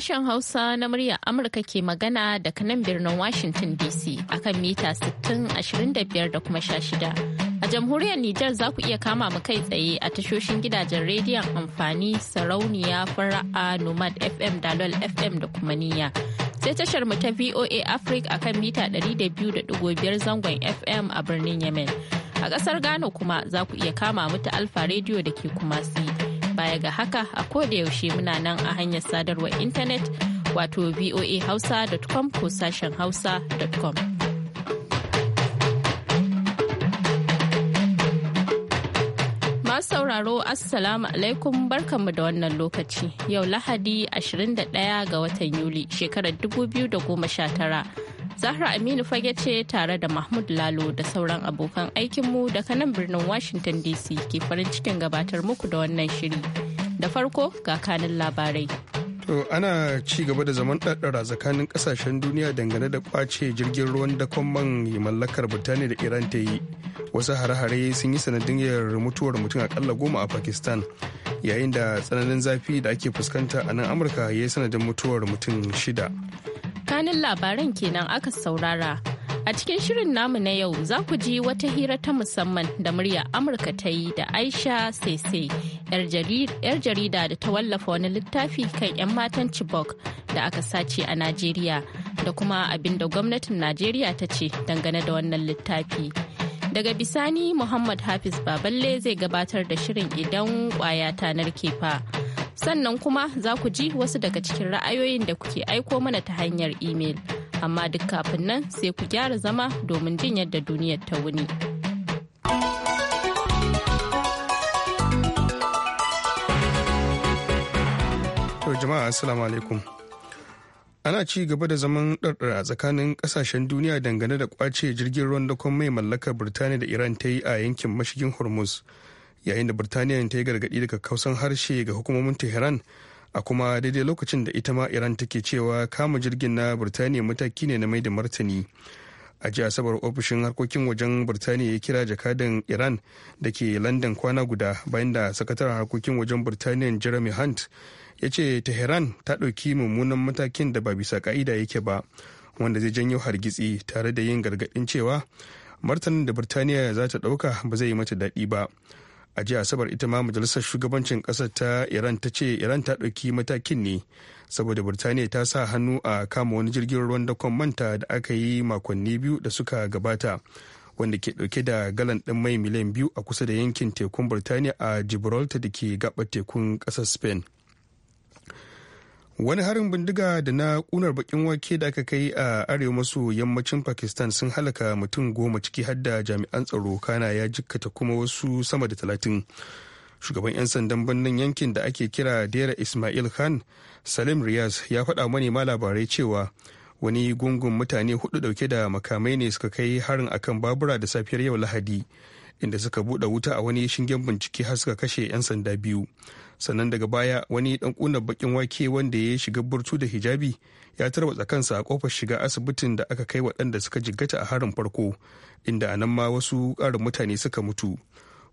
Sashen Hausa na muryar Amurka ke magana daga nan birnin Washington DC akan mita 60, da kuma a jamhuriyar Nijar za ku iya kama mu kai tsaye a tashoshin gidajen rediyon amfani sarauniya fara'a nomad fm dalol fm da kuma niyya sai tashar mu ta voa africa akan mita 200.5 zangon fm a birnin yemen a ƙasar ghana kuma za ku iya kama mu ta alfa rediyo da ke kumasi baya ga haka a yaushe muna nan a hanyar sadarwar intanet wato voahausa.com ko sashen hausa.com. Masu sauraro Assalamu alaikum barkanmu da wannan lokaci yau Lahadi 21 ga watan Yuli shekarar 2019. Zahra Aminu fage ce tare da Mahmud Lalo da sauran abokan aikinmu daga nan birnin Washington DC ke farin cikin gabatar muku da wannan shiri. Da farko ga kanin labarai. To ana ci gaba da zaman ɗaɗɗara tsakanin ƙasashen duniya dangane da ƙwace jirgin ruwan dakon man mallakar Birtaniya da Iran ta yi. Wasu hare-hare sun yi sanadiyar mutuwar mutum akalla goma a Pakistan yayin da tsananin zafi da ake fuskanta a nan Amurka ya yi sanadin mutuwar mutum shida. tsakanin labaran kenan aka saurara. A cikin shirin namu na yau za ku ji wata hira ta musamman da murya Amurka ta yi da Aisha Sese, 'yar jarida da ta wallafa wani littafi kan 'yan matan Chibok da aka sace a Najeriya da kuma abin da gwamnatin Najeriya ta ce dangane da wannan littafi. Daga bisani Muhammad Hafiz Baballe zai gabatar da shirin idan kwaya ta narke fa. sannan kuma za ku ji wasu daga cikin ra'ayoyin da kuke aiko mana ta hanyar imel amma duk kafin nan sai ku gyara zama domin jin yadda duniyar ta wuni. jama'a assalamu alaikum. Ana ci gaba da zaman ɗarɗar a tsakanin ƙasashen duniya dangane da ƙwace jirgin ruwan dakon mai mallakar Birtaniya da Iran ta yi a yankin mashigin Hormuz. yayin da birtaniya ta yi gargaɗi daga kausan harshe ga hukumomin tehran a kuma daidai lokacin da ita ma iran take cewa kama jirgin na birtaniya mataki ne na mai da martani a ji asabar ofishin harkokin wajen birtaniya ya kira jakadan iran da ke london kwana guda bayan da sakataren harkokin wajen birtaniya jeremy hunt ya ce tehran ta ɗauki mummunan matakin da ba bisa ka'ida yake ba wanda zai janyo hargitsi tare da yin gargaɗin cewa martanin da birtaniya za ta ɗauka ba zai yi mata daɗi ba a jiya asabar ita ma majalisar shugabancin kasar ta iran ta ce iran ta ɗauki matakin ne saboda birtaniya ta sa hannu a kama wani jirgin ruwan dakon manta da aka yi makonni biyu da suka gabata wanda ke ɗauke da galan ɗin mai miliyan biyu a kusa da yankin tekun birtaniya a gibraltar da ke gabar tekun ƙasar spain wani harin bindiga da na kunar bakin wake da aka kai a arewa maso yammacin pakistan sun halaka mutum goma ciki hadda jami'an tsaro kana ya jikkata kuma wasu sama da talatin shugaban 'yan sandan birnin yankin da ake kira dera ismail khan salim riyas ya faɗa manema labarai cewa wani gungun mutane hudu dauke da makamai ne suka kai harin akan babura da safiyar yau lahadi inda suka buɗe wuta a wani shingen bincike har suka kashe 'yan sanda biyu sannan daga baya wani dan kuna bakin wake wanda ya shiga burtu da hijabi ya tarwatsa kansa a kofar shiga asibitin da aka kai waɗanda suka jigata a harin farko inda a nan ma wasu ƙarin mutane suka mutu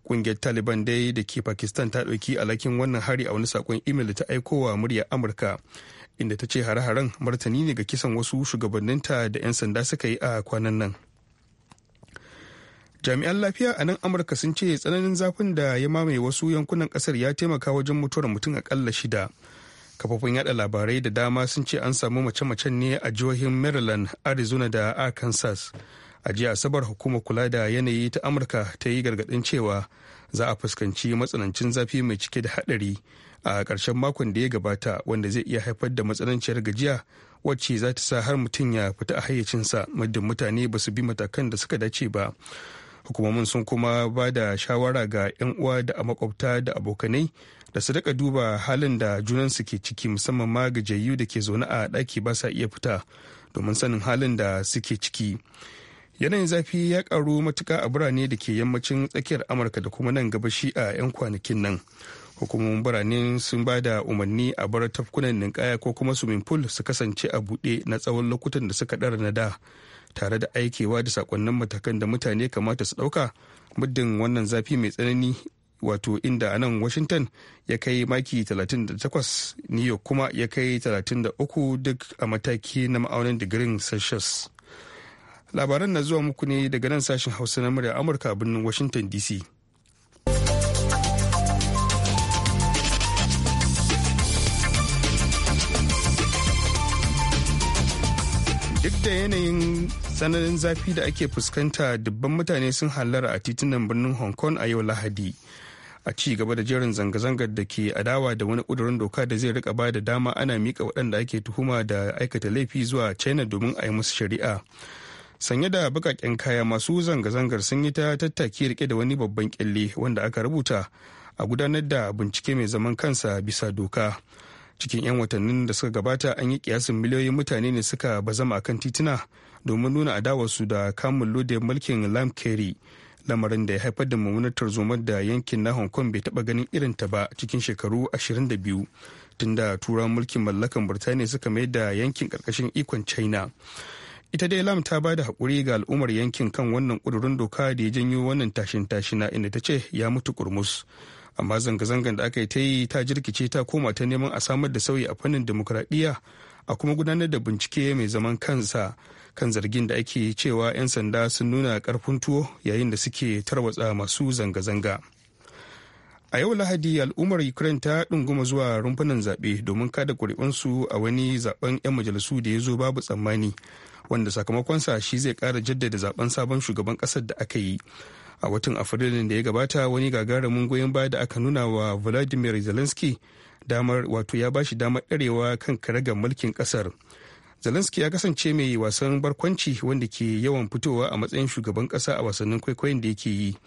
ƙungiyar taliban dai da ke pakistan ta ɗauki alhakin wannan hari a wani saƙon imel ta aiko wa murya amurka inda ta ce hare-haren martani ne ga kisan wasu shugabanninta da 'yan sanda suka yi a kwanan nan. jami'an lafiya a nan amurka sun ce tsananin zafin da ya mamaye wasu yankunan kasar ya taimaka wajen mutuwar mutum akalla shida kafofin yada labarai da dama sun ce an samu mace-macen ne a jihohin maryland arizona da arkansas a jiya asabar hukumar kula da yanayi ta amurka ta yi gargadin cewa za a fuskanci matsanancin zafi mai cike da hadari a ƙarshen makon da ya gabata wanda zai iya haifar da matsananciyar gajiya wacce za ta sa har mutum ya fita a hayyacinsa muddin mutane ba su bi matakan da suka dace ba hukumomin sun kuma ba da shawara ga 'yan uwa da makwabta da abokanai da su daga duba halin da junansu ke ciki musamman ma gajiyayyu da ke zaune a ɗaki ba sa iya fita domin sanin halin da suke ciki yanayin zafi ya karu matuka a birane da ke yammacin tsakiyar amurka da kuma nan gabashi a 'yan kwanakin nan hukumomin birane sun ba da umarni a bar tafkunan ninkaya ko kuma swimming pool su kasance a buɗe na tsawon lokutan da suka ɗara na da tare da aikewa da sakonnin matakan da mutane kamata su ɗauka muddin wannan zafi mai tsanani wato inda anan washington ya kai maki 38 new york kuma ya kai 33 duk a mataki na ma'aunin digirin celsius labaran na zuwa muku ne daga nan sashen hausa na murya amurka birnin washington dc duk da yanayin tsananin zafi da ake fuskanta dubban mutane sun hallara a titunan birnin hong kong a yau lahadi a ci gaba da jerin zanga-zangar da ke adawa da wani kudurin doka da zai rika ba da dama ana mika waɗanda ake tuhuma da aikata laifi zuwa china domin a yi musu shari'a sanye da bakaƙen kaya masu zanga-zangar sun yi ta tattaki rike da wani babban ƙyalle wanda aka rubuta a gudanar da bincike mai zaman kansa bisa doka cikin 'yan watannin da suka gabata an yi kiyasin miliyoyin mutane ne suka bazama akan tituna domin nuna adawarsu da kamun lode mulkin lam kerry lamarin da ya haifar da mummunar tarzomar da yankin na hong kong bai taba ganin irin ta ba cikin shekaru 22 tunda turawan mulkin mallakan birtaniya suka mai da yankin karkashin ikon china ita dai lam ta ba da haƙuri ga al'ummar yankin kan wannan ƙudurin doka da ya janyo wannan tashin tashina inda ta ce ya mutu kurmus amma zanga-zangar da aka yi ta yi ta jirkice ta koma ta neman a samar da sauyi a fannin demokuraɗiyya a kuma gudanar da bincike mai zaman kansa kan zargin da ake cewa 'yan sanda sun nuna karfin tuwo yayin da suke tarwatsa masu zanga-zanga a yau lahadi al'ummar ukraine ta ɗunguma zuwa rumfunan zaɓe domin kada ƙuri'unsu a wani zaben 'yan majalisu da ya zo babu tsammani wanda sakamakonsa shi zai kara jaddada zaben sabon shugaban ƙasar da aka yi a watan afrilun da ya gabata wani gagarumin goyon baya da aka nuna wa vladimir zelensky damar wato ya bashi damar ɗarewa kan karagar mulkin ƙasar zelensky ya kasance mai wasan barkwanci wanda ke yawan fitowa a matsayin shugaban kasa a wasannin kwaikwayon da yake yi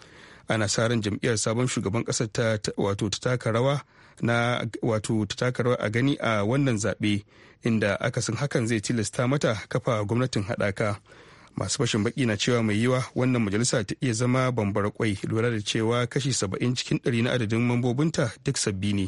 ana sa ran jam'iyyar sabon shugaban kasa ta wato ta taka rawa na wato ta taka rawa a gani a wannan zaɓe inda akasin hakan zai tilasta mata kafa gwamnatin haɗaka masu fashin baki na cewa mai yiwa wannan majalisa ta iya zama bambara kwai lura da cewa kashi saba'in cikin ɗari na adadin mambobinta duk sabbi ne.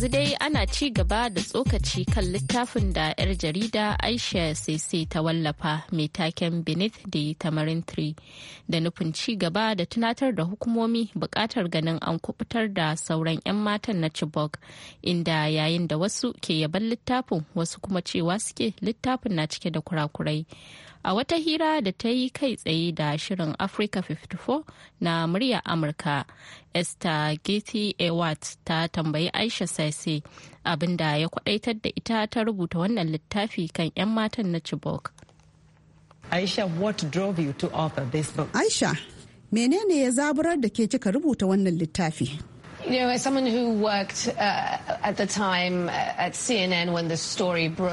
yanzu dai ana ci gaba da tsokaci kan littafin da 'yar jarida aisha sese ta wallafa mai taken beneath the tamarin tree da nufin ci gaba da tunatar da hukumomi bukatar ganin an kubutar da sauran 'yan matan na chibok inda yayin da wasu ke yaban littafin wasu kuma cewa suke littafin na cike da kurakurai a wata hira da ta yi kai tsaye da shirin africa 54 na murya amurka esther getty ewart ta tambayi aisha sase abinda ya kwadaitar da ita ta rubuta wannan littafi kan 'yan matan na chibok aisha what drove you to author this book aisha menene ya zaburar da ke kika rubuta wannan littafi A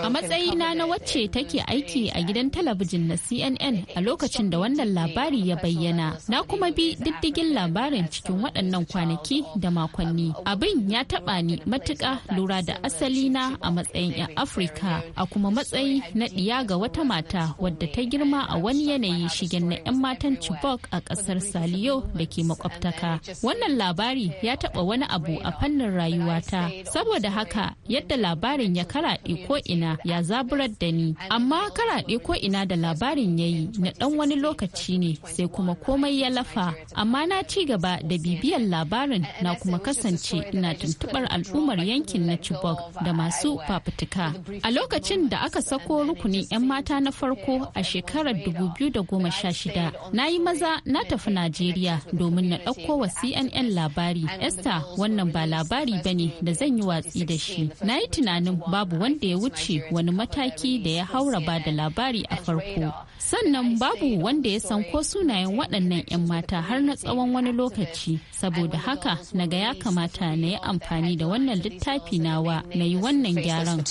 matsayina na wacce take aiki a gidan talabijin na CNN a lokacin da wannan labari ya bayyana, na kuma bi diddigin labarin cikin waɗannan kwanaki da makonni. Abin ya taɓa ni matuƙa lura da asalina a matsayin 'yan Afirka a kuma matsayi na ɗiya ga wata mata wadda ta girma a wani yanayi shigen na 'yan matan Chibok a ƙasar Saliyo da ke makwabtaka. Wannan labari ya taɓa wani abu a fannin rayuwata saboda haka yadda labarin ya karaɗe ko ina ya zaburar da ni amma karaɗe ko ina da labarin ya yi na ɗan wani lokaci ne sai kuma komai ya lafa amma na ci gaba da bibiyar labarin na kuma kasance ina tuntuɓar al'ummar yankin na Chibok da masu fafutuka a lokacin da aka sako rukunin 'yan mata na farko a shekarar 2016 na yi maza na tafi Najeriya domin na ɗauko wa CNN labari Esther wannan ba labari ba ne da zan yi watsi da shi. Na yi tunanin babu wanda ya wuce wani mataki da ya haura ba da labari a farko. Sannan babu wanda ya san ko sunayen waɗannan 'yan mata har na tsawon wani lokaci. Saboda haka naga ya kamata na yi amfani da wannan littafi nawa na yi wannan gyaran.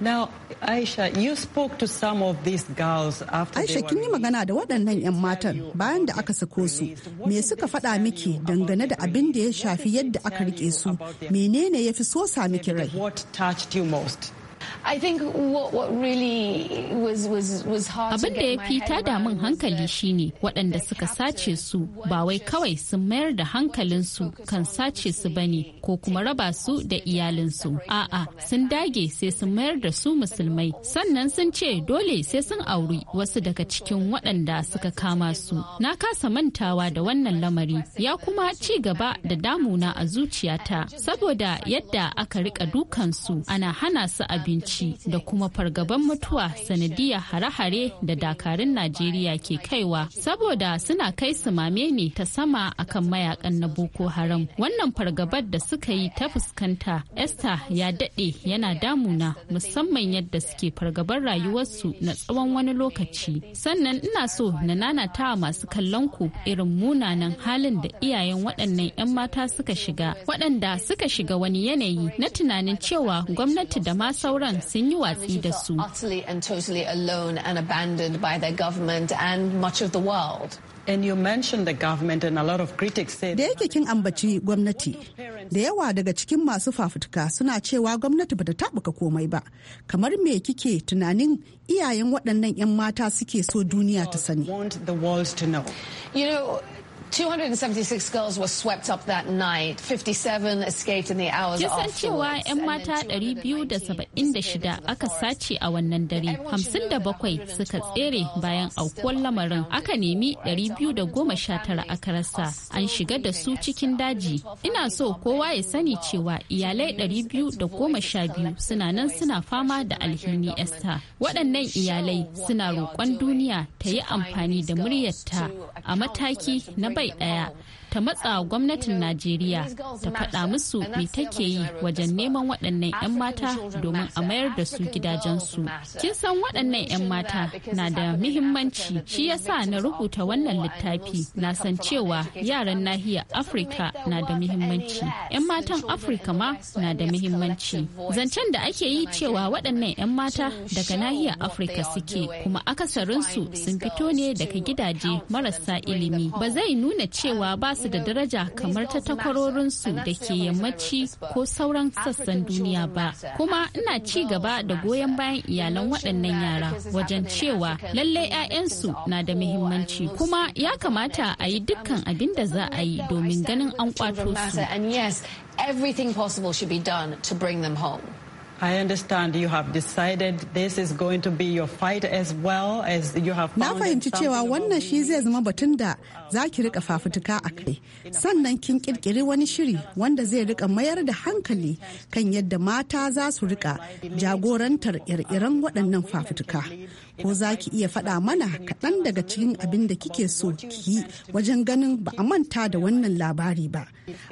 Aisha, kin yi magana da waɗannan 'yan matan bayan da aka sako su. Me suka faɗa miki dangane da abin da ya shafi yadda aka rike su? Menene ya fi so sami kirai? Abin da ya fi da min hankali shine waɗanda suka sace su ba wai kawai sun mayar da hankalinsu kan sace su bane ko kuma raba su da iyalinsu. A'a sun dage sai sun mayar da su musulmai sannan sun ce dole sai sun auri wasu daga cikin waɗanda suka kama su. Na kasa mantawa da wannan lamari ya kuma ci gaba da damuna a zuciyata saboda yadda aka rika dukansu ana hana su abinci. ci da kuma fargaban mutuwa sanadiyar hare-hare da dakarun Najeriya ke kaiwa saboda suna kai su mame ne ta sama akan mayakan na Boko Haram. Wannan fargabar da suka yi ta fuskanta Esther ya daɗe yana damuna musamman yadda suke fargabar rayuwarsu na tsawon wani lokaci. Sannan ina so na nanata masu kallon ku irin munanan halin da iyayen waɗannan 'yan mata suka shiga waɗanda suka shiga wani yanayi na tunanin cewa gwamnati da ma sauran sun yi watsi da su. And the and Da yake kin ambaci gwamnati, da yawa daga cikin masu fafutuka suna cewa gwamnati bata tabuka komai ba. Kamar me kike tunanin iyayen waɗannan 'yan mata suke so duniya ta sani. 276 girls were swept up that night. 57 escaped in the hours cewa 'yan mata 276 aka sace a wannan dare, 57 suka tsere bayan aukuwar lamarin. Aka nemi 219 aka rasa, an shiga da su cikin daji. Ina so kowa ya sani cewa iyalai 212 suna nan suna fama da alhini Esther. Waɗannan iyalai suna roƙon duniya ta yi amfani da muryarta a mataki na bai kawai ɗaya ta matsa gwamnatin Najeriya ta faɗa musu me take yi wajen neman waɗannan 'yan mata domin a mayar da su gidajensu. Kin san waɗannan 'yan mata na da muhimmanci shi ya sa na rubuta wannan littafi na san cewa yaran nahiyar Afirka na da muhimmanci. 'Yan matan Afirka ma na da muhimmanci. Zancen da ake yi cewa waɗannan 'yan mata daga nahiyar Afirka suke kuma akasarinsu sun fito ne daga gidaje marasa ilimi ba zai nuna cewa ba su da daraja kamar ta takwarorinsu da ke yammaci ko sauran sassan duniya ba kuma ina ci gaba da goyon bayan iyalan waɗannan yara wajen cewa lalle 'ya'yansu na da muhimmanci kuma ya kamata a yi dukkan abin da za a yi domin ganin an kwato su. Everything possible should be done to bring them I understand you have decided this is as well as you Na fahimci cewa wannan shi zai zama batun da za ki rika fafutuka a kai. Sannan kin kirkiri wani shiri wanda zai rika mayar da hankali kan yadda mata za su rika jagorantar ire waɗannan fafutuka. Ko za ki iya faɗa mana kaɗan daga cikin abin da kike so ki yi wajen ganin ba a manta da wannan labari ba.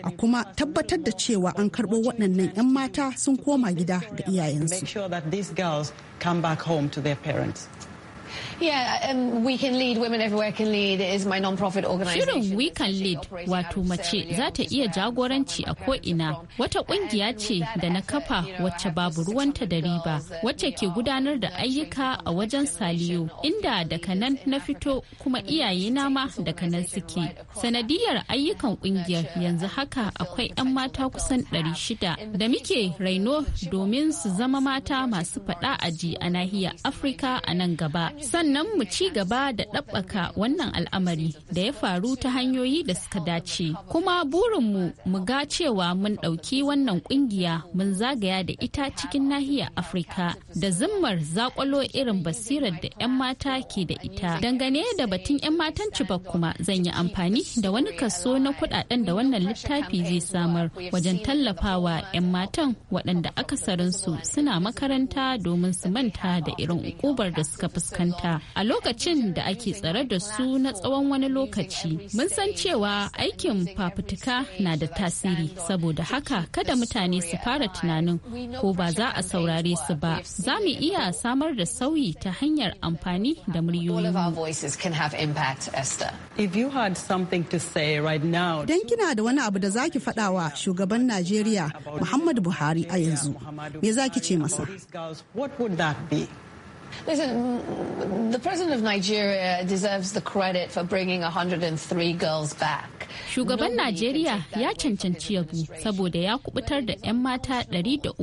A kuma tabbatar da cewa an karɓo waɗannan 'yan mata sun koma gida Make sure that these girls come back home to their parents. Yeah, um, we can lead, women everywhere can lead is my non-profit organization. Shirin We Can Lead wato mace za ta iya jagoranci a ko'ina wata kungiya ce da na kafa wacce babu ruwanta da riba wacce ke gudanar da ayyuka a wajen saliyo inda daga nan na fito kuma iyayena ma daga nan suke. Sanadiyar ayyukan kungiyar yanzu haka akwai 'yan mata kusan 600 da muke raino domin su zama mata masu faɗa aji a nahiyar Afirka a nan gaba. sannan mu ci gaba da ɗabbaka wannan al'amari da ya faru ta hanyoyi da suka dace kuma burinmu mu ga cewa mun ɗauki wannan ƙungiya mun zagaya da ita cikin nahiyar afirka da zimmar zaƙwalo irin basirar da 'yan mata ke da ita dangane da batun 'yan matan cibak kuma zan yi amfani da wani kaso na kuɗaɗen da wannan littafi zai samar wajen tallafawa 'yan matan waɗanda akasarinsu suna makaranta domin su manta da irin ukubar da suka fuskanta makaranta a lokacin da ake tsare da su na tsawon wani lokaci. Mun san cewa aikin fafutuka na da tasiri saboda haka kada mutane su fara tunanin ko ba za a saurare su ba. Za mu iya samar da sauyi ta hanyar amfani da muryoyin. dan kina da wani abu da za ki wa shugaban Najeriya Muhammadu Buhari a yanzu, me za ki ce masa? Listen, the president of Nigeria deserves the credit for bringing 103 girls back. Shugaban Najeriya ya cancanci yabo saboda ya kubutar da 'yan mata 300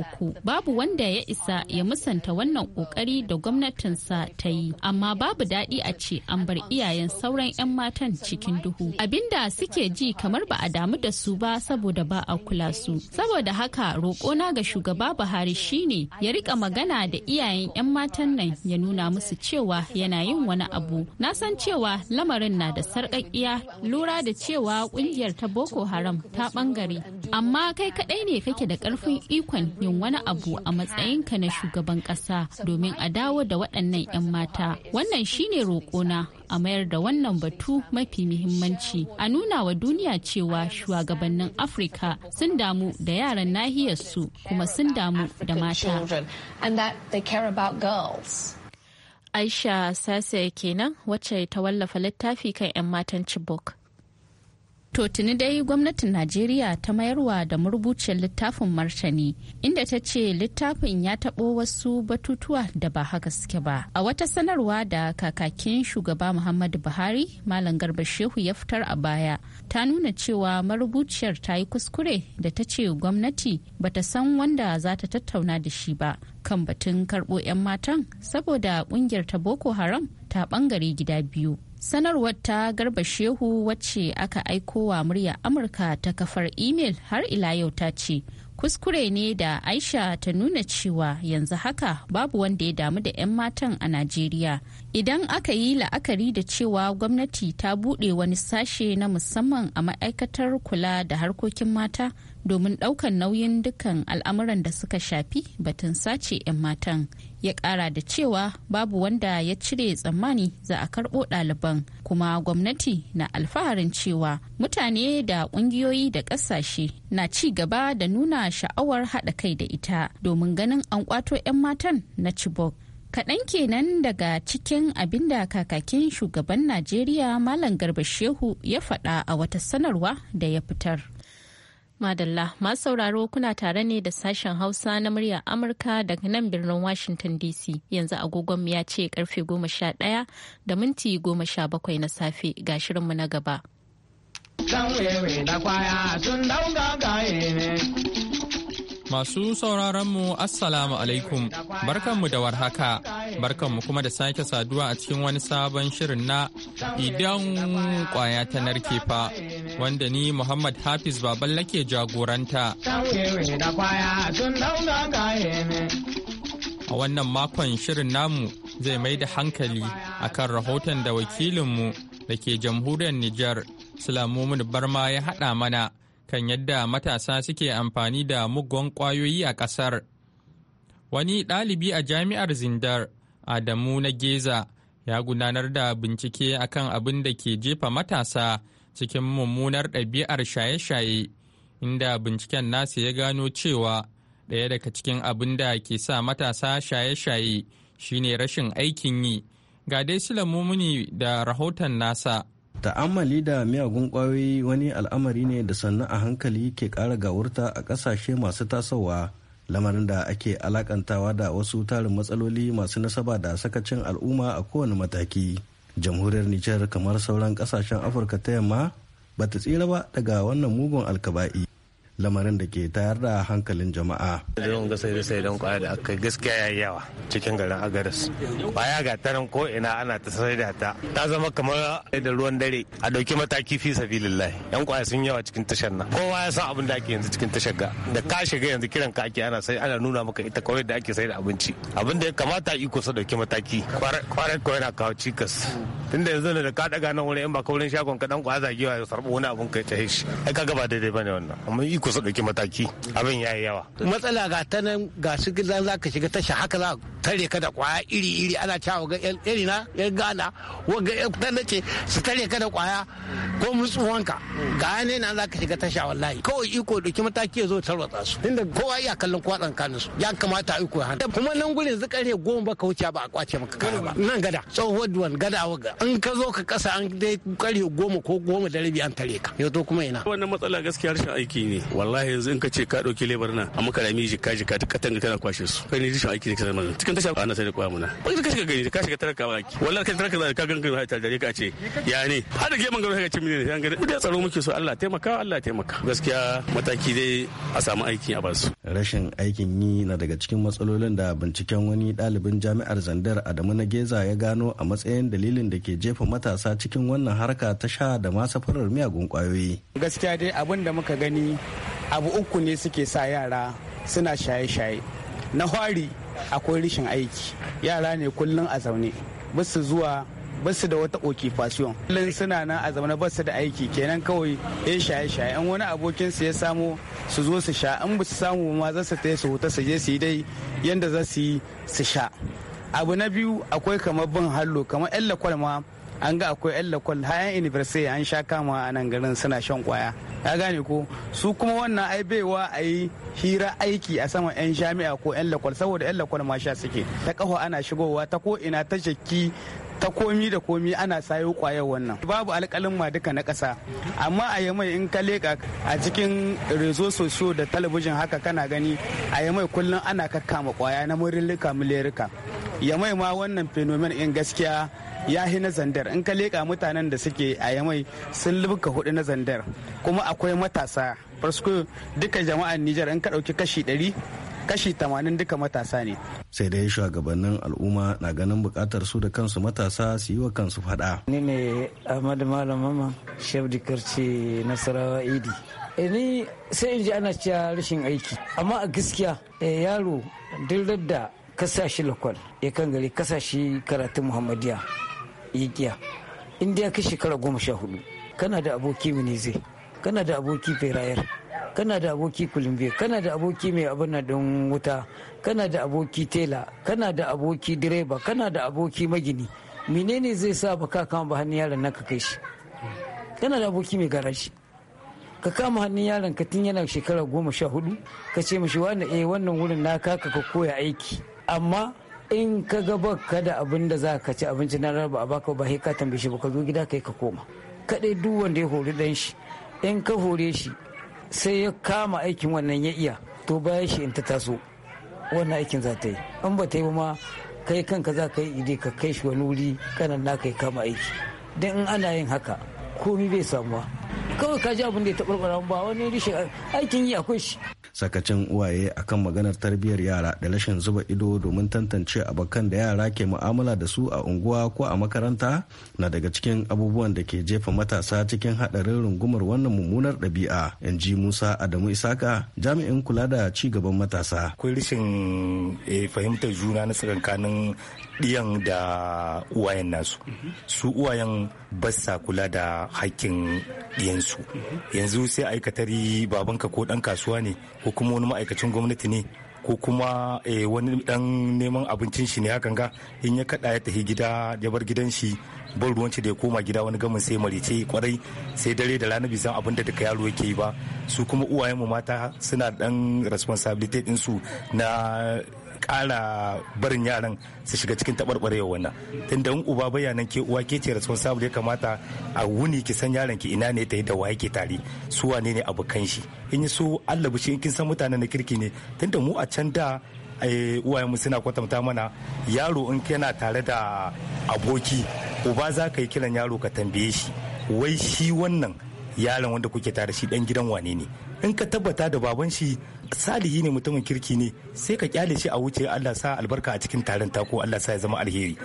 babu wanda ya isa ya musanta wannan kokari da gwamnatinsa ta yi amma babu daɗi a ce an bar iyayen sauran 'yan matan cikin duhu abinda suke ji kamar ba a damu da su ba saboda ba a kula su saboda haka roƙona ga shugaba Buhari shine ya rika magana da iyayen 'yan matan nan ya nuna musu cewa yana yin wani abu na san cewa lamarin na da sarƙaƙiya lura da cewa ƙungiyar ta boko haram ta ɓangare amma kai kaɗai ne kake da ƙarfin ikon yin wani abu a matsayinka na shugaban ƙasa domin a dawo da waɗannan 'yan mata wannan shine roƙona a mayar da wannan batu mafi muhimmanci a nuna wa duniya cewa shugabannin afirka sun damu da yaran nahiyarsu kuma sun damu da mata aisha sase kenan wacce ta wallafa littafi kan 'yan matan chibok To tuni dai gwamnatin Najeriya ta mayarwa da marubuciyar littafin martani inda ta ce littafin ya taɓo wasu batutuwa da ba haka suke ba. A wata sanarwa da kakakin shugaba Muhammadu Buhari Malam Garba Shehu ya fitar a baya ta nuna cewa marubuciyar ta yi kuskure da ta ce gwamnati bata san wanda za ta tattauna da shi ba kan batun karɓo 'yan matan saboda ta Boko Haram ta ɓangare gida biyu. sanarwar ta garba shehu wacce aka aiko wa murya amurka ta kafar imel har ila yau ta ce kuskure ne da aisha ta nuna cewa yanzu haka babu wanda ya damu da 'yan matan a najeriya idan aka yi la'akari da cewa gwamnati ta buɗe wani sashe na musamman a ma'aikatar kula da harkokin mata domin ɗaukan nauyin dukkan al'amuran da suka shafi batun sace 'yan matan ya ƙara da cewa babu wanda ya cire tsammani za a karɓo ɗaliban kuma gwamnati na alfaharin cewa mutane da ƙungiyoyi da ƙasashe na ci gaba da nuna sha'awar haɗa kai da ita domin ganin an ƙwato 'yan matan na chibok kaɗan kenan daga cikin abin da kakakin shugaban najeriya malam garba shehu ya faɗa a wata sanarwa da ya fitar Madalla masu sauraro kuna tare ne da sashen Hausa na murya Amurka daga nan birnin Washington DC yanzu agogon ya ce karfe goma sha ɗaya da minti goma sha bakwai na safe ga shirinmu na gaba. Masu sauraronmu Assalamu alaikum, barkanmu da warhaka, barkanmu kuma da sake saduwa a cikin wani sabon shirin na idan kwaya ta narke fa, wanda ni Muhammad Hafiz Baballa ke jagoranta. A wannan makon shirin namu zai mai da hankali akan rahoton da wakilinmu da ke jamhuriyar Nijar, Sulamumin Barma ya haɗa mana. kan yadda matasa suke amfani da mugun ƙwayoyi a ƙasar. Wani ɗalibi a jami'ar Zindar, Adamu na Geza, ya gudanar da bincike akan abin da ke jefa matasa cikin mummunar ɗabi'ar shaye-shaye, inda binciken nasa ya gano cewa ɗaya daga cikin abin da ke sa matasa shaye-shaye shine rashin aikin yi. Ga dai silamu muni da rahoton nasa. ta'ammali da miyagun kwayoyi wani al'amari ne da sannu a hankali ke ƙara gawurta a ƙasashe masu tasowa lamarin da ake alakantawa da wasu tarin matsaloli masu nasaba da sakacin al'umma a kowane mataki jamhuriyar nijar kamar sauran kasashen afirka ta yamma ba ta tsira ba daga wannan mugun alkaba'i lamarin da ke tayar da hankalin jama'a. Zan ga sai sai don kwaya da aka gaskiya ya yawa cikin garin Agadas. Baya ga taron ko ina ana ta sai da ta. Ta zama kamar da ruwan dare a dauki mataki fi sabilillah. Yan kwaya sun yawa cikin tashar nan. Kowa ya san abin da ake yanzu cikin tashar ga. Da ka shiga yanzu kiran ka ake ana sai ana nuna maka ita kawai da ake sai da abinci. Abin da ya kamata iko sa dauki mataki. Kwarai ko na kawo cikas. Tunda yanzu da ka daga nan wurin in ba kaurin wurin shagon ka dan kwaya zagewa ya sarbo wani abin ka ya tahe shi. Ai kaga ba daidai bane wannan. Amma iko ko su ɗauki mataki abin ya yi yawa. matsala ga ta nan ga su gizan za ka shiga tasha haka za tare ka da kwaya iri iri ana cewa ga yan na yan gana wanga yan ta ce su tare ka da kwaya ko mutsuwanka ga ne na za ka shiga tasha wallahi kawai iko ɗauki mataki ya zo tarwatsa su inda kowa iya kallon kwatsan kanin su ya kamata iko ya hana kuma nan gurin zikare goma ba ka wuce ba a kwace maka kaya ba nan gada tsohuwar duwan gada waga in ka zo ka kasa an dai kare goma ko goma da rabi an tare ka yau to kuma ina wannan matsala gaskiya harshen aiki ne wallahi yanzu in ka ce ka ɗauki lebar nan a muka rami jika jika ta katanga tana kwashe su kai ne rishin aiki ne ka mana cikin tasha ana sai da kwa mana ba ka shiga gani ka shiga tarka ba baki wallahi ka tarka ka gangan ta dare ka ce ya ne har da geman gaba ka ce mini ne an gani da tsaro muke so Allah taimaka Allah taimaka gaskiya mataki dai a samu aiki a basu rashin aikin yi na daga cikin matsalolin da binciken wani ɗalibin jami'ar Zandar Adamu na Geza ya gano a matsayin dalilin da ke jefa matasa cikin wannan harka ta sha da masafarar miyagun kwayoyi gaskiya dai abin da muka gani abu uku ne suke sa yara suna shaye-shaye na hwari akwai rishin aiki yara ne kullum a zaune basu zuwa basu da wata occupation kullum suna nan a zaune basu da aiki kenan kawai ya shaye shaye an wani abokin su ya samu su zo su sha an basu samu ma za su taya su huta su je su yi dai yanda za su yi su sha abu na biyu akwai kamar bin hallo kamar yan lakwal ma an ga akwai yan lakwal hayan university an sha kama a nan garin suna shan kwaya ya gane ko su kuma wannan ai baiwa a yi hira aiki a saman 'yan jami'a ko 'yan lakwal saboda 'yan lakwal ma sha suke ta kafa ana shigowa ta ko ina ta shakki ta komi da komi ana sayo kwayar wannan babu alƙalin ma duka na kasa amma a yamai in ka leka a cikin rezo sosio da talabijin haka kana gani a yamai kullum ana kakkama kwaya na murin lika ya yamai ma wannan fenomen in gaskiya ya hi na zandar in ka leka mutanen da suke a yamai sun lubuka hudu na zandar kuma akwai matasa farsko duka jama'an nijar in ka ɗauki kashi ɗari kashi tamanin duka matasa ne. sai dai shugabannin al'umma na ganin bukatar su da kansu matasa su yi wa kansu fada. ni ne ahmadu malam mama shef dikarci nasarawa idi eh, ni sai in ji ana cewa rashin aiki amma a gaskiya eh, yaro duk da kasashe lokal ya kan gari kasashe karatun muhammadiya ya kiya in ya ka shekara goma sha hudu kana da aboki minize kana da aboki ferayar kana da aboki kulumbe kana da aboki mai abin don wuta kana da aboki tela kana da aboki direba kana da aboki magini menene zai sa ba ka kama ba hannun yaron nan ka kai shi kana da aboki mai garaji ka kama hannun yaron ka tun yana shekara goma sha hudu ka ce mashi wani eh wannan wurin na kaka ka koya aiki amma in ka ga baka da abin da za ka ci abinci na raba a baka ba ka tambaye shi ba ka zo gida kai ka koma kaɗai duk wanda ya hori dan shi in ka hore shi sai ya kama aikin wannan ya iya to bayan shi in ta taso wannan aikin za ta yi in ba ta yi ma kai kanka za ka yi ide ka kai shi wani wuri kanan na kai kama aiki don in ana yin haka komi bai samuwa kawai ka ji abin da ya taɓarɓara ba wani rishin aikin yi akwai shi. sakacin uwaye akan maganar tarbiyyar yara da rashin zuba ido domin tantance abokan da yara ke mu'amala da su a unguwa ko a makaranta na daga cikin abubuwan da ke jefa matasa cikin haɗarin rungumar wannan mummunar ɗabi'a in ji musa adamu isaka jami'in kula da ci gaban matasa akwai rashin eh, fahimtar juna na tsakankanin ɗiyan da uwayen nasu su uwayen basa kula da hakkin ɗiyansu yanzu sai aikatari babanka ko ɗan kasuwa ne ko kuma wani ma'aikacin gwamnati ne ko kuma eh, wani ɗan neman abincin shi ne hakan ga in ya kaɗa ya tafi gida ya bar gidan shi bar ruwan da ya koma gida wani gamin sai marice kwarai sai dare da rana bisan abin da duka yaro yake yi ba su kuma uwayen mu mata suna dan responsibility din su na ƙara barin yaran su shiga cikin taɓarɓarewa wannan tunda in uba bayanan ke uwa ke ce ya kamata a wuni ki san yaron ki ina ne ta yi da waye ke tare su wane ne abu shi in su Allah shi in kin san mutane na kirki ne tunda mu a can da eh, mu suna kwatanta mana yaro in kana tare da aboki uba za ka yi kiran yaro ka tambaye shi wai shi wannan yaron wanda kuke tare shi dan gidan wane ne in ka tabbata da baban shi salihi ne mutumin kirki ne sai ka kyale shi a wuce Allah sa albarka a cikin taron ko Allah sa ya zama alheri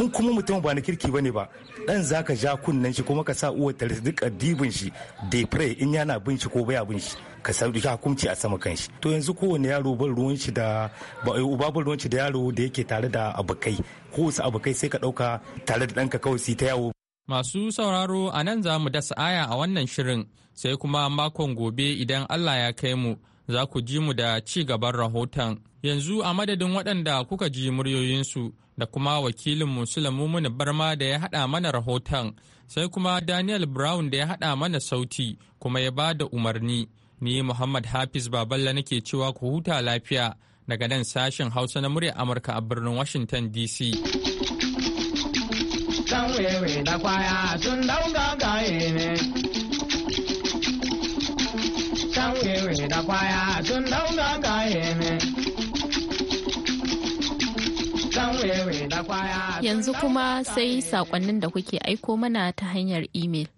in kuma mutum ba na kirki bane ba dan zaka ja kunnan shi kuma ka sa uwar ta duka dibin shi de pray in yana bin shi ko baya bin shi ka sa ka hukunci a sama kan shi to yanzu kowane yaro ban ruwan shi da eh, uba bar ruwan shi da yaro da yake tare da abokai ko wasu abokai sai ka dauka tare da danka kawai sai ta yawo Masu sauraro a nan za mu dasa aya a wannan shirin sai kuma makon gobe idan Allah ya kai mu za ku ji mu da ci gaban rahoton. Yanzu a madadin waɗanda kuka ji muryoyinsu da kuma wakilin Musulamu mini Barma da ya haɗa mana rahoton sai kuma Daniel Brown da ya haɗa mana sauti kuma ya ba da umarni. Ni Muhammad Hafiz Baballa nake cewa ku huta lafiya daga nan sashen Hausa na murya Amurka a birnin Washington DC. san wewe da kwaya tun dauga gaye ne san wewe da kwaya tun dauga gaye ne Yanzu kuma sai sakonnin da kuke aiko mana ta hanyar imel.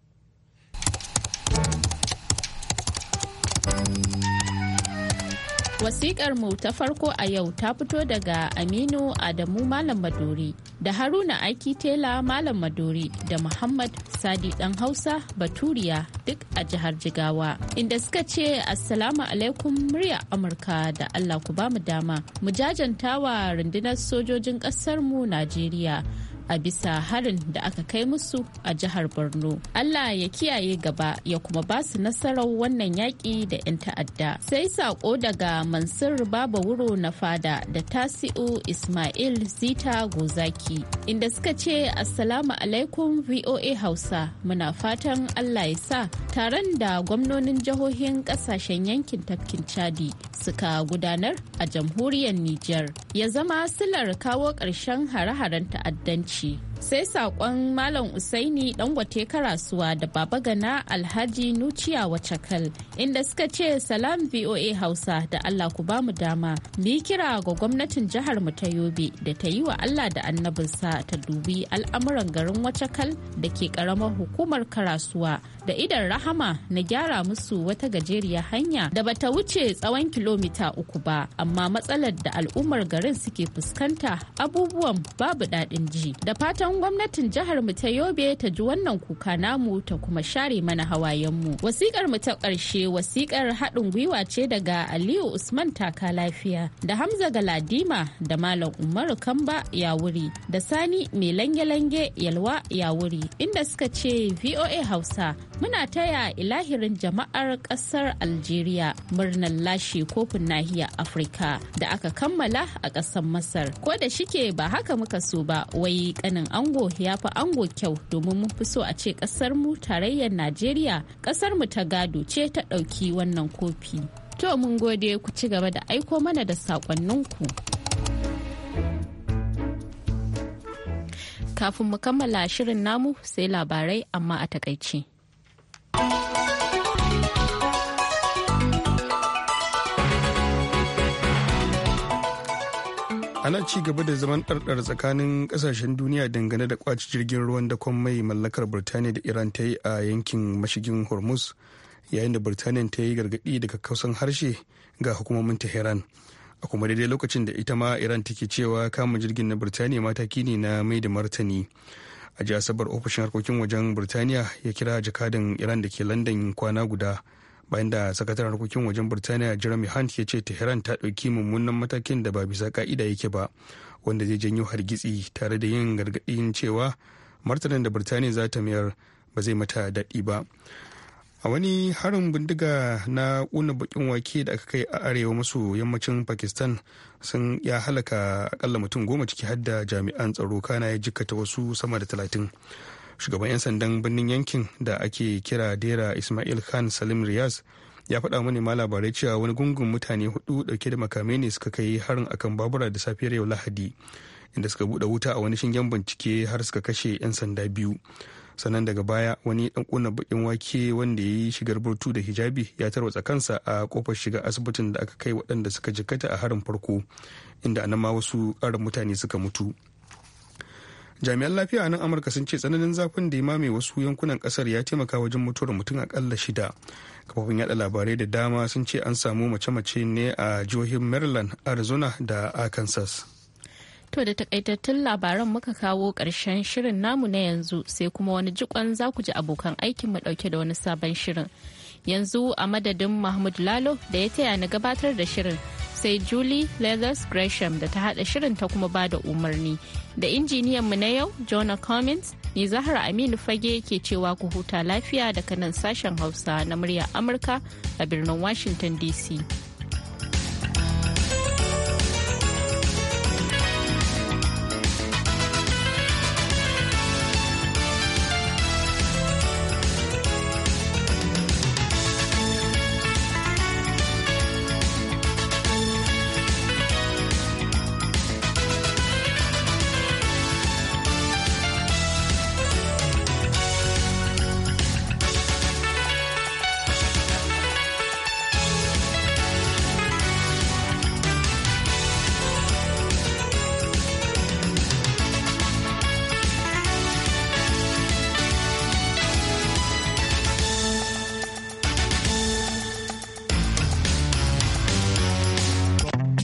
Wasiƙar mu ta farko a yau ta fito daga Aminu Adamu Malam Maduri da Haruna Aiki Tela Malam Maduri da Muhammad Sadi Dan Hausa Baturiya duk a jihar Jigawa. Inda suka ce Assalamu alaikum murya Amurka da Allah ku bamu dama mu jajanta wa rundunar sojojin mu Najeriya. a bisa harin da aka kai musu a jihar borno allah ya kiyaye gaba ya kuma ba su nasarar wannan yaƙi da 'yan ta'adda sai saƙo daga mansur baba wuro na fada da tasi'u ismail zita gozaki inda suka ce assalamu alaikum voa hausa muna fatan allah ya sa taron da gwamnonin jihohin ƙasashen yankin tafkin chadi suka gudanar a jamhuriyar niger ya zama silar kawo ƙarshen hare-haren ta'addanci shi sai saƙon malam usaini dangote karasuwa da baba gana alhaji nuciya wacakal inda suka ce salam voa hausa da allah ku bamu dama mu kira ga gwamnatin jihar mu ta yobe da ta yi wa allah da annabinsa ta dubi al'amuran garin wacakal da ke karamar hukumar karasuwa da idan rahama na gyara musu wata gajeriya hanya da bata wuce tsawon kilomita uku ba amma matsalar da al'ummar garin suke fuskanta abubuwan babu daɗin ji da fatan fatan gwamnatin jihar mu ta Yobe ta ji wannan kuka namu ta kuma share mana hawayenmu. Wasikar mu ta ƙarshe wasikar haɗin gwiwa ce daga Aliyu Usman Taka Lafiya da Hamza Galadima da Malam Umaru Kamba ya wuri da Sani Mai Lange-Lange Yalwa ya wuri. inda suka ce VOA Hausa muna taya ilahirin jama'ar ƙasar Algeria murnar lashe kofin Nahiya Afirka da aka kammala a ƙasar Masar. Ko da shike ba haka muka so ba wai kanin ango ya fi ango kyau domin mun fi so a ce ƙasarmu tarayyar najeriya ƙasarmu ta gado ce ta ɗauki wannan kofi to mun gode ku ci gaba da aiko mana da saƙonninku kafin mu kammala shirin namu sai labarai amma a takaice. ana ci gaba da zaman ɗarɗar tsakanin ƙasashen duniya dangane da kwaci jirgin ruwan dakon mai mallakar birtaniya da iran ta yi a yankin mashigin hormuz yayin da birtaniya ta yi gargaɗi daga kausan harshe ga hukumomin tehran a kuma daidai lokacin da ita ma iran take cewa kama jirgin na birtaniya mataki ne na mai da martani a ji asabar ofishin harkokin wajen birtaniya ya kira jakadan iran da ke london kwana guda bayan da sakataren harkokin wajen birtaniya jeremy hunt ya ce tehran ta ɗauki mummunan matakin da ba bisa ka'ida yake ba wanda zai janyo hargitsi tare da yin gargaɗin cewa martanin da birtaniya za ta mayar ba zai mata daɗi ba a wani harin bindiga na ƙuna bakin wake da aka kai a arewa maso yammacin pakistan sun ya halaka akalla mutum goma ciki hadda jami'an tsaro kana ya jikkata wasu sama da talatin shugaban 'yan sandan birnin yankin da ake kira dera ismail khan salim riyas ya faɗa mani ma labarai cewa wani gungun mutane hudu dauke da makamai ne suka kai harin akan babura da safiyar yau lahadi inda suka buɗe wuta a wani shingen bincike har suka kashe 'yan sanda biyu sannan daga baya wani ɗan kunna bakin wake wanda ya yi shigar burtu da hijabi ya tarwatsa kansa a kofar shiga asibitin da aka kai waɗanda suka jikkata a harin farko inda anan ma wasu ƙarin mutane suka mutu jami'an lafiya a nan amurka sun ce tsananin zafin da ya mai wasu yankunan kasar ya taimaka wajen mutuwar mutum akalla shida kafofin yada labarai da dama sun ce an samu mace-mace ne a jihohin maryland arizona da arkansas To da takaitattun labaran muka kawo karshen shirin namu na yanzu sai kuma wani jikon za ku ji abokan aikin mu ɗauke da wani sabon shirin. Yanzu a madadin Mahmud Lalo da ya taya ni gabatar da shirin sai Julie Leathers Gresham da ta haɗa shirin ta kuma ba da umarni. Da injiniyanmu na yau, Jonah Cummins, ni Zahra Aminu Fage ke cewa ku huta lafiya daga nan sashen Hausa na murya Amurka a birnin Washington DC.